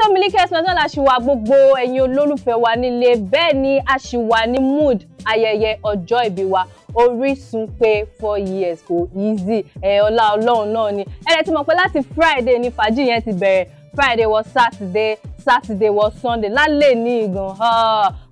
ètò Miliki Express náà la ṣì wà gbogbo ẹ̀yin olólùfẹ́ wa nílé bẹ́ẹ̀ ni a ṣì wà ní mood ayẹyẹ ọjọ́ ìbí wa Orísun pé four years kò easy ẹ̀ ọlá ọlọ́run náà ni ẹ̀rẹ́ ti mọ̀ pé láti Friday ni fàájì yẹn ti bẹ̀rẹ̀ Friday wọ Saturday Saturday wọ Sunday lálẹ́ ní ìgàn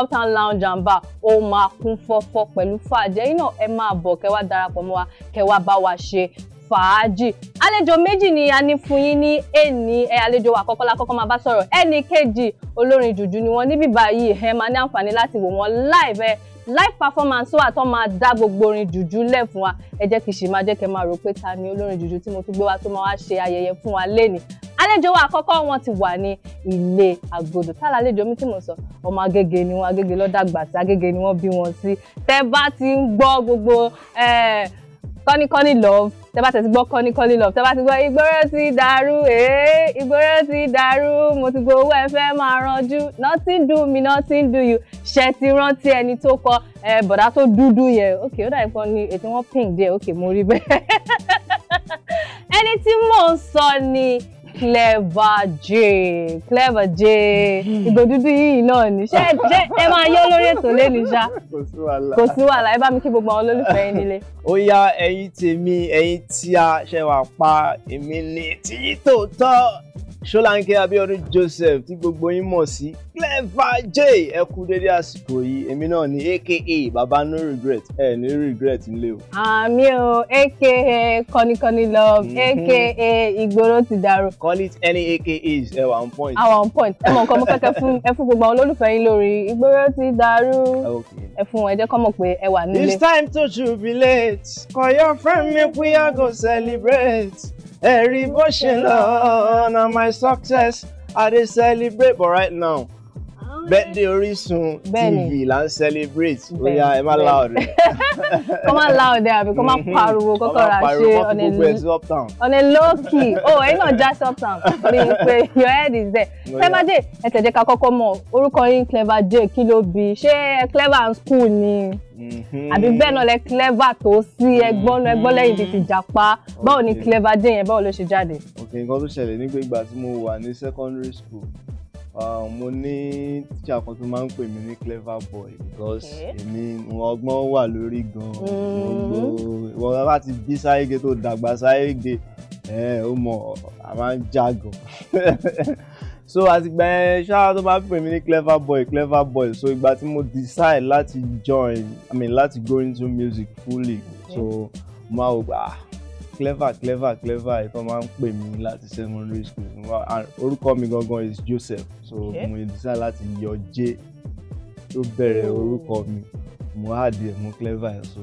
uptown lounge and bar ó máa kún fọ́fọ́ pẹ̀lú fàájì ẹ̀yin náà ẹ máa bọ̀ kẹ́ darapọ̀ mọ́ wa kẹ́ bá wa ṣe fàájì àlejò méjì ni a ní fún yín ní èní ẹ àlejò wa àkọ́kọ́ la kọ́kọ́ máa bá sọ̀rọ̀ ẹnì kejì olórin jùjú ni wọ́n níbí báyìí ẹ máa ní àǹfààní láti wò wọ́n live ẹ live performance wà tó máa dá gbogbo orin jùjú lẹ̀ fún wa ẹ jẹ́ kí n ṣì máa jẹ́ kẹ́ máa rò pé ta ni olórin jùjú tí mo tún gbé wá tó máa wá ṣe ayẹyẹ fún wa lénìí àlejò wa àkọ́kọ́ wọn ti wà ní ilé àgọ́dọ̀ tá lálejò mi tí mo sọ ọmọ agége ni wọn agége ló dàgbà agége ni wọ́n bí wọn sí tẹ́ bá ti ń gbọ́ gbogbo kọ́nikọ́ni love tẹ́ bá tẹ̀ ti gbọ́ kọ́nikọ́ni love tẹ́ bá ti gbọ́ ìgboro ti dàrú ee eh, ìgboro ti dàrú mo ti gbowó ẹ fẹ́ máa ranjú nothing do me nothing do you ṣe ti rántí ẹni tó kọ ẹ eh, bọ̀dá tó dúdú yẹn ok ó dàbí kan ni ètò wọn pink díẹ̀ ok mo rí bẹ́ẹ̀ ẹni tí mò ń sọ ni Clever J, Clever J, ìgò dúdú yìí náà ni ṣé ẹ máa yọ lórí ètò lẹ́nu ṣá kò sí wàhálà ẹ bá mi kí gbogbo àwọn olólùfẹ́ yín nílé. ó yá ẹ̀yin tèmi ẹ̀yin tí a ṣe wà pa èmi ní tìyí tòótọ́ ṣọláńkẹ́ Abiodun joseph tí gbogbo yín mọ̀ sí clever j ẹ kú dédé àsìkò yìí èmi náà ni aka baba no regret ẹ ní no regret nílé o. àmì o aka kọ́nikọ́ni love aka mhm. ìgboro ti dàrú. call it any akas ẹ wà on point. àwọn on point ẹ mọ nǹkan mo kẹ́kẹ́ fún ẹ fún gbogbo àwọn olólùfẹ́ yín lórí ìgboro ti dàrú ẹ fún ẹ jẹ́ kọ́ mọ̀ pé ẹ wà nílé. it's time to jubilate call your friend make we go celebrate. Every bushing on my success, I did celebrate, but right now, birthday Orísun TV là ń celebrate oya ẹ má loud rẹ. kọ́ má loud rẹ àbí kọ́ má mm-hmm. pariwo kọ́kọ́ ra ṣe on a low key oh ẹ̀yin náà já uptown rí i pé your head is there. Oh, clever Jay ẹ tẹ̀jẹ̀ ká kọ́kọ́ mọ̀ orúkọ yín Clever Jay kí ló bí ṣé Clever and school ni mm-hmm. àbí bẹ́ẹ̀ náà lẹ Clever tó sí ẹgbọ́n ẹgbọ́n lẹ́yìn bíi ti jàpá báwo ni Clever Jay yẹn báwo ló ṣe jáde. ok nǹkan tó ṣẹlẹ̀ nígbà tí mo wà ní secondary school Um, mo ní tíṣà kan tó máa ń pè mí ní clever boy because èmi ọgbọ́n wà lórí gan-an gbogbo mm. wọn bá ti bí sáyége tó dàgbà sáyége ẹ ó mọ a máa ń jagun so àtìgbà yẹn ṣáà tó bá pè mí ní clever boy clever boy so ìgbà tí mo decide láti join i mean láti go into music fully so mo máa wò pé ah clever clever clever ẹ̀ tó máa ń pè mí láti secondary school orúkọ mi gangan is Joseph so mo decide láti yọ j tó bẹ̀rẹ̀ oh. orúkọ mi mo á di ẹ̀ mo clever ẹ̀ so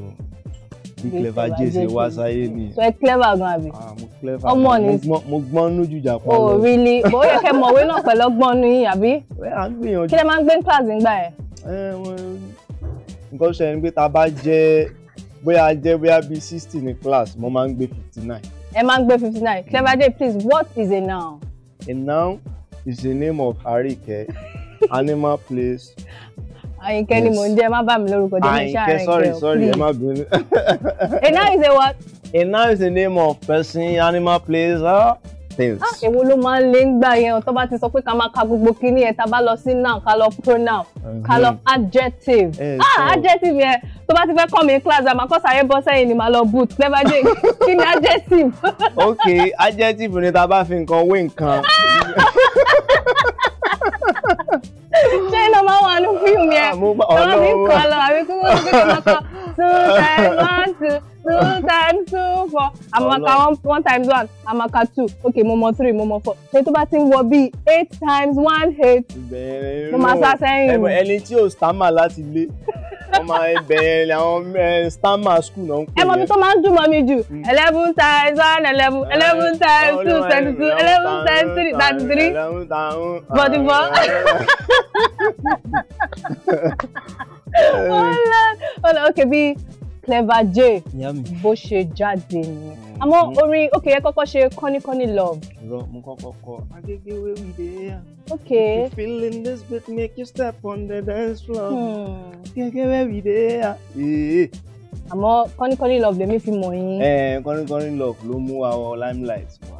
bí clever j ṣe wá sáyé nìyẹn. so ẹ clever gan àbí. ah mo clever ọmọ ni mo gbọ́n nú jùjà pọ̀ oh, lọ. oh really bó yẹ kẹ́ mọ̀wé náà pẹ̀lú ọgbọ́n nú yín àbí. à ń gbìyànjú. kí lẹ máa ń gbé ní class nígbà yẹn. Eh, nǹkan ṣe ni pé tá a bá jẹ́ bóyá a jẹ́ bóyá bíi sixty ní class mo máa ń gbé fifty nine. ẹ máa ń gbé fifty nine Clever Cleverday please what is a noun. a noun is the name of Arike animal place. Àyìnkẹ́ ni mò ń jẹ́ má bà mí lórúkọ jẹ́ mi ṣáà Àyìnkẹ́ sorry sorry ẹ má bínú. a noun is a what. a noun is the name of person animal place. Huh? Ah things. Ah, èwo ló máa ń lé ń gbà yẹn tó bá ti sọ pé ká máa ka gbogbo kíní yẹn tá a bá lọ sí noun ká lọ pronoun ká lọ adjective eh, ah adjective yẹn tó bá ti fẹ́ kọ́ mi ní class àmọ́ kọ́sàyé bọ́ sẹ́yìn ni màá lọ boot never dey kí ni adjective. ok adjective ni tá a bá fi nǹkan wé nǹkan ṣé iná máa wà ní fíìmù yẹn tó ah, wọ́n fi ń kọ́ lọ àbí kí wọ́n fi ń kọ́ two times one two two times two four amaka one one times one amaka two okay mo mọ three mo four ṣe tó bá ti ń wọ bíi eight times one eight mo máa sá sẹ́yìn. ẹni tí ò stammer láti lé ọmọ ẹbẹ̀rẹ̀ làwọn stammer school náà ń pè é. ẹmọ mi tó máa ń dùn mọ́ mi jù hmm. eleven times one eleven eh, eleven times two twenty two eleven times three thirty three forty four ọ̀la eh, eh, ọ̀la ok bíi clever jay bó ṣe jáde nìyẹn mm-hmm. àmọ́ orin òkè yẹn kọ́kọ́ ṣe kọ́níkọ́ní love. rọ mo kọ́kọ́ kọ agége wey we dey yarn. ok if you feeling this beat make you step on the dance floor. Hmm. agége wey we dey yarn. àmọ́ kọ́níkọ́ní love lèmi fi mọ̀ yín. ẹ kọ́níkọ́ní love ló mú wa wọ limelight wa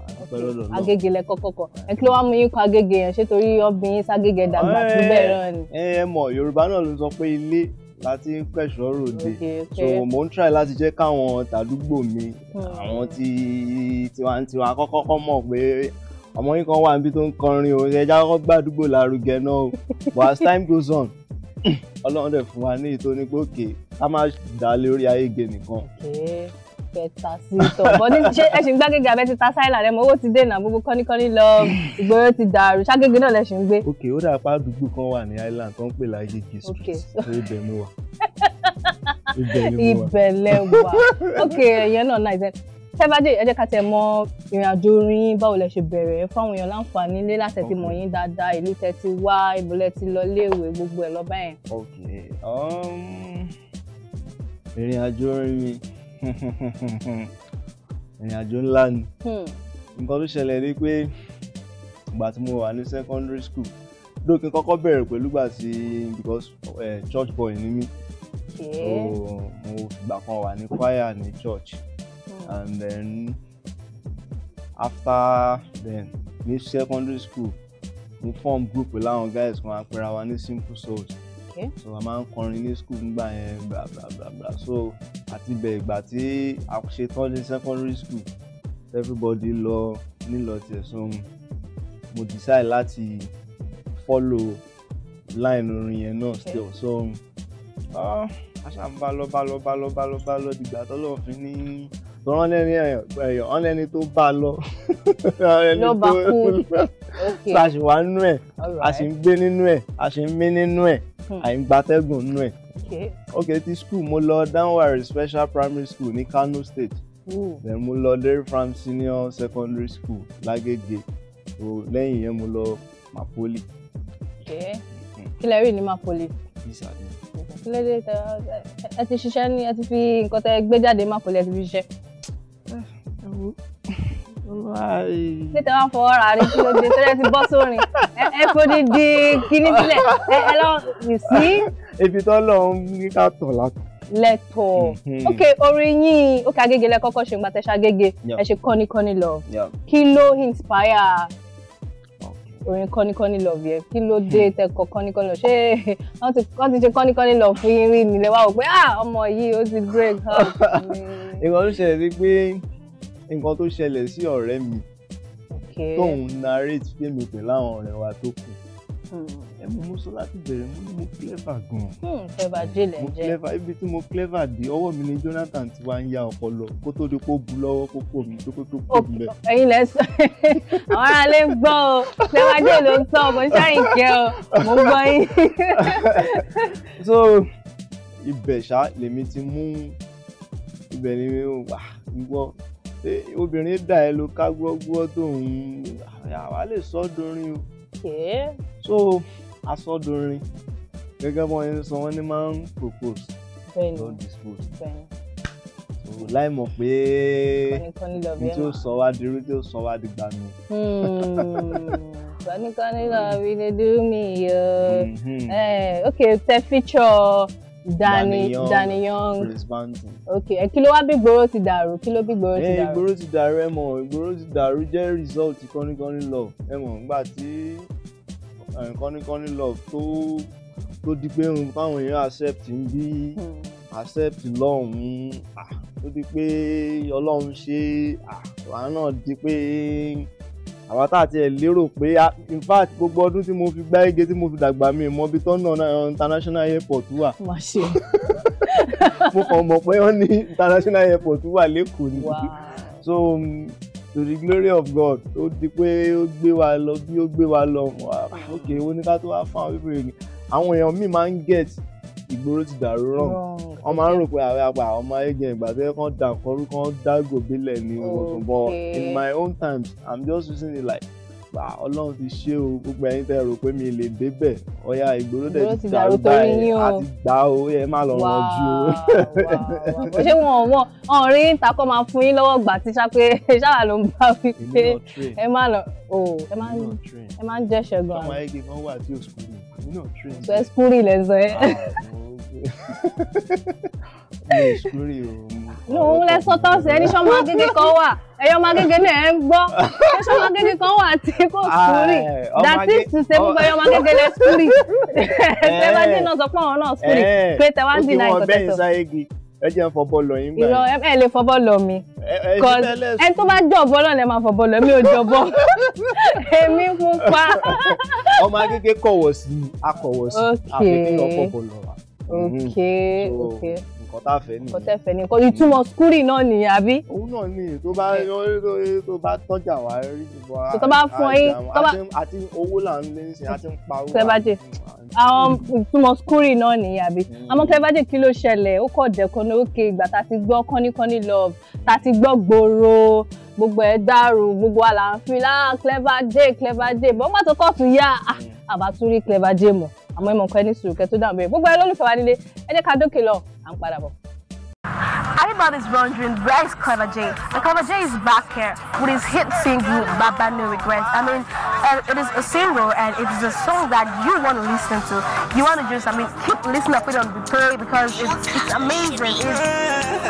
agége lẹ kọ́kọ́ kọ ẹ kí ló wá mú yín kọ agége yẹn ṣé torí ọbìn yín dàgbà tó bẹ́ẹ̀ rán ni. ẹ mọ̀ yorùbá náà ló sọ pé ilé láti ń pẹ̀ṣọ́ ròde so mò ń try láti jẹ́ káwọn tàdúgbò mi hmm. àwọn tí tiwantiwa kọ́kọ́kọ́ mọ̀ pé ọmọ yín kan wà níbi tó ń kọrin o ẹja kọ́kọ́ gbàdúgbò lárugẹ náà o but as time goes on ọlọ́run dẹ̀ fún wa ní ìtóní pé òkè ká má dá lé orí ayége nìkan fẹ́ ta sí tọ̀ bọ́dí ṣé ẹ ṣì ń gbàgede abẹ́ ti ta sáìlà rẹ mọ owó ti dènà gbogbo kọ́níkọ́ní lọ ìgboro ti dàrú ságége náà lẹ ṣì ń gbé. ok ó dà pa àdúgbò kan wà ní island tó ń pè láyé gíṣù ibẹ̀ mo wà ibẹ̀ lẹ wà ok ìyẹn náà náà ìzẹ́ tẹ́bàdé ẹ jẹ́ ká tẹ̀ mọ ìrìn àjò orin báwo lẹ ṣe bẹ̀rẹ̀ fáwọn èèyàn láǹfààní lé láti ti mọ̀ yín dáadáa ìlú tẹ́ ti wá ìbúlẹ̀ ti lọ léèwé gbogbo ẹ̀ lọ́bàá yẹn. ok um, ìrìn àjò orin mi ìrìn àjò ńlá ni hmm. nǹkan tó ṣẹlẹ̀ ni pé ìgbà tí mo wà ní secondary school lókè kọ́kọ́ bẹ̀rẹ̀ pẹ̀lú ìgbà tí because uh, church boy ni mí so mo ìgbà kan wà ní choir ní church mm. and then after then ní secondary school mo form group pẹ̀lú àwọn guys kan apẹ̀rẹ̀ wa ní simple souls so a máa ń kọrin ní school ńgbà yẹn bla bla bla bla so àti bẹ̀ ìgbà tí a ṣe tán ní secondary school everybody lọ nílọ tiẹ̀ so mo decide láti follow line orin yẹn náà still so aṣá ah, ń bá lọ bá lọ bá lọ bá lọ bá lọ dìgbà tó lọ́ọ́ fi ní tọ́rọ́ lẹ́ni ẹ̀yọ̀ ọ̀n lẹ́ni tó bá lọ ló bá kú ok so a ṣì wà nínú ẹ̀ a ṣì ń gbé nínú ẹ̀ a ṣì ń mí nínú ẹ̀ àìgbàtẹ́gùn nù ẹ̀ ok ti school mo lọ Danware special primary school ní Kano State then mo lọ Dairy Farm senior secondary school Lágége so lẹ́yìn yẹn mo lọ Mapoli. kí lẹ rí ní Mapoli. kí lẹ dé ẹ ti ṣiṣẹ́ ní ẹ ti fi nǹkan tẹ gbé jáde Mapoli ẹ ti fi ṣiṣẹ́ pété wọn fọwọ́ ra rí kí ló dé tẹ́lẹ̀ ti bọ́ sórin ẹ fòdì di kíní sílẹ̀ ẹ lọ rì sí. ibi tó lọ ń ní ká tọ̀ látọ̀. lẹ́tọ̀ mhm. ok orin yín ok Agége lẹ kọ́kọ́ ṣe gbàtẹ́ ṣe Agége ẹ ṣe Kọ́ni Kọ́ni Love kí ló inspire orin Kọ́ni Kọ́ni Love yẹn kí ló dé tẹkọ Kọ́ni Kọ́ni Love ṣé wọ́n ti ṣe Kọ́ni Kọ́ni Love fún yín rí nílẹ̀ wá wò pé ah ọmọ yìí ó ti break out. ìwọ ṣẹlẹ̀ sí pé nǹkan tó ṣẹlẹ̀ sí ọ̀rẹ́ mi tóun narrate fíìmù pẹ̀lú àwọn ọ̀rẹ́ wa tó kù hmm. ẹ mú mú sọ láti bẹ̀rẹ̀ mú ní mo clever gan-an. Hmm, clever jẹ́ lẹ́ jẹ́ mo clever ibi tí mo clever dé ọwọ́ mi ni Jonathan ti wá ń ya ọpọlọ kó tó di kó bu lọ́wọ́ kó kó mi tó kó tó kó mi bẹ̀. ẹ̀yin lẹ sọ àwọn ará lè gbọ́ o clever jẹ́ ló ń sọ ọmọ ṣáàyìn kẹ́ o mo gbọ́ yín. so ibẹ̀ ṣá lèmi ti mú ibẹ̀ ni mi wà gbọ́ obìnrin dà ẹ ló ká gbọ́gbọ́ tó ń àwa lè sọ o. so asọdorin gẹ́gẹ́ bọ́n yẹn sọ wọ́n ní máa ń propose don dispose láì mọ̀ pé ní tí ó sọ wá di irú tí ó sọ wá di hmm. gbanu. kọ́nìkọ́nì lọ rí ni dúró mi yọ. ok tẹ fíjọ. Danny Danny Young Chris Banton. ok ẹ kí ló wá bí gbòòrò ti dàrú kí ló bí gbòòrò ti eh, dàrú. ìgbòòrò ti dàrú ẹ mọ̀ ìgbòòrò ti dàrú jẹ́ result kọ́nikọ́ni love ẹ mọ̀ nígbà tí eh, kọ́nikọ́ni love tó tó di pé fáwọn èèyàn accept ń bí hmm. accept lọ́hùn-ún ah, tó di pé ọlọ́run ṣe ah, àwọn náà di pé àwa tá a tiẹ̀ lérò pé in fact gbogbo ọdún tí mo fi gbá ege tí mo fi dàgbà mi mọ ibi tọ́nà international airport wà. má ṣe. mo kàn mọ̀ pé wọ́n ní international airport wà lẹ́kọ̀ọ́ ni. so um, to the glory of God ó di pé ó gbé wa lọ bí ó gbé wa lọ ok oníkàtó wa fún àwọn pípé yìí àwọn èèyàn míì máa ń get ìgboro ti dàrú rán wọ́n ń rò pé àwọn àgbà ọmọ ẹgbẹ́ ìgbà tó dà kọrú kán dágò bílẹ̀ ni oṣù bọ̀ in my own times i'm just using it like gbà ọlọ́run ti ṣe o gbogbo ẹ̀yin tẹ́ rò pé mi lè débẹ̀ ọ̀ya ìgboro dẹ̀ ti dàrú báyìí àti gbà o ẹ má lọ ràn jù o. kò ṣe wọn wọn ọ̀n rí takọ́ máa fún yín lọ́wọ́ gbà tíṣà pé ṣáà ló ń bá wí pé ẹ má lọ o ẹ má ń jẹ́ ṣẹ́gun. ọmọ ayéke kan wà tí o sùkúrì mi náà train. sọ ẹ sùkúrì lẹ́sọ̀ ẹ òun lẹ sọ tán sí ẹni sọmọ agége kan wà ẹyọ ọmọ agége náà ẹ ń gbọ́ ẹni sọmọ agége kan wà ah, eh, that is to say gbogbo ẹyọ ọmọ agége lẹ oh. sùúrì eh. tẹwájú náà sọ pé àwọn náà sùúrì eh. pé tẹwájú náà ìkọtẹsọ ẹ jẹ́ fọbọ́ lọ yín báyìí. ìrọ̀ ẹ lè fọbọ́ lọ mi. ẹ tó bá jọ̀bọ́ náà lè máa fọbọ́ lọ mi ò jọ̀bọ́ èmi fún pa. ọmọ akeke kọ̀wọ̀ sí akọ̀wọ̀ sí àfikún ọ̀fọ̀bọ̀ lọ wa. Mm-hmm. ok ok nǹkan tá a fẹ́ nìyẹn nǹkan tẹ́ fẹ́ nìyẹn ìtumọ̀ skúrì náà nìyẹn àbí. òun náà ni tó bá tó bá tọ́jà wá rí ìbọn àti tó bá fún yín àti owó là ń lé nísìnyí àti ń pa owó. sẹ́bàjẹ́ àwọn ìtumọ̀ skúrì náà nìyẹn àbí mm. àmọ́ sẹ́bàjẹ́ kí ló ṣẹlẹ̀ ó kọ̀ dẹ̀kọ́ ní òkè ìgbà tá a ti gbọ́ kọ́níkọ́ní love tá a ti gbọ́ gbòòrò gbogbo ẹ̀ dàrú gbogbo àlàáfíà ah, clever day clever day bọ́n bá tó kọ́ tún yá ah, mm. àbátúrí clever day mọ̀ àmọ́ ìmọ̀ nǹkan ẹni sùúrù kẹ́ tó dáhùn bẹ́ẹ̀ gbogbo ẹ lólùfẹ́ wa nílé ẹ ká dókè lọ à ń padà bọ̀. Everybody's wondering where is Clever J? And Clever J is back here with his hit single Baba No Regrets. I mean, uh, it is a single and it is a song that you want to listen to. You want to just, I mean, keep listening up it on the play because it's, it's amazing. It's,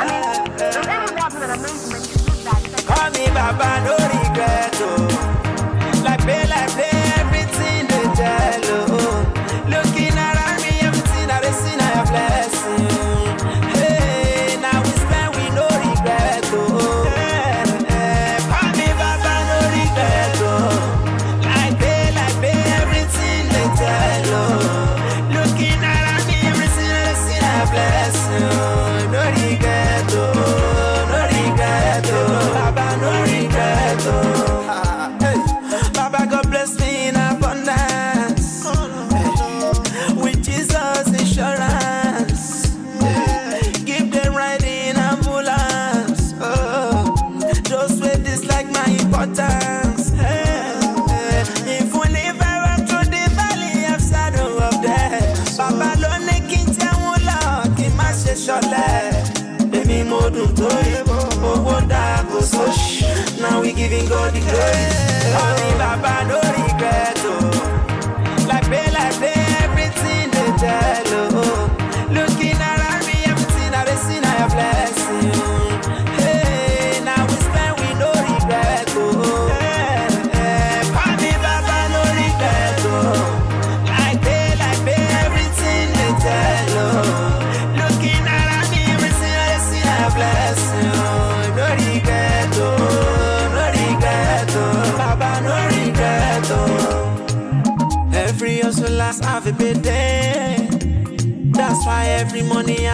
I mean, it's an amazement. Call me Baba No Regrets, oh. Like pay, like dùn tó yẹ owó dà kó sóṣì now we giving God the glory. ọ̀sìn bàbá lórí rẹ̀.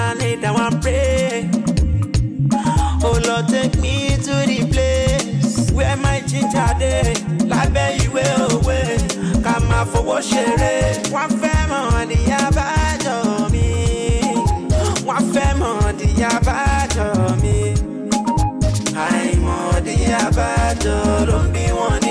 I lay down and pray. Oh Lord, take me to the place where my ginger day. Lábẹ́ ìwé òwe, ká máa Come ṣeré. Wọ́n fẹ́ mọ̀ ní abájọ mi. me. One mọ̀ ní abájọ mi. Àìmọ̀ ní abájọ ló ń bí wọn.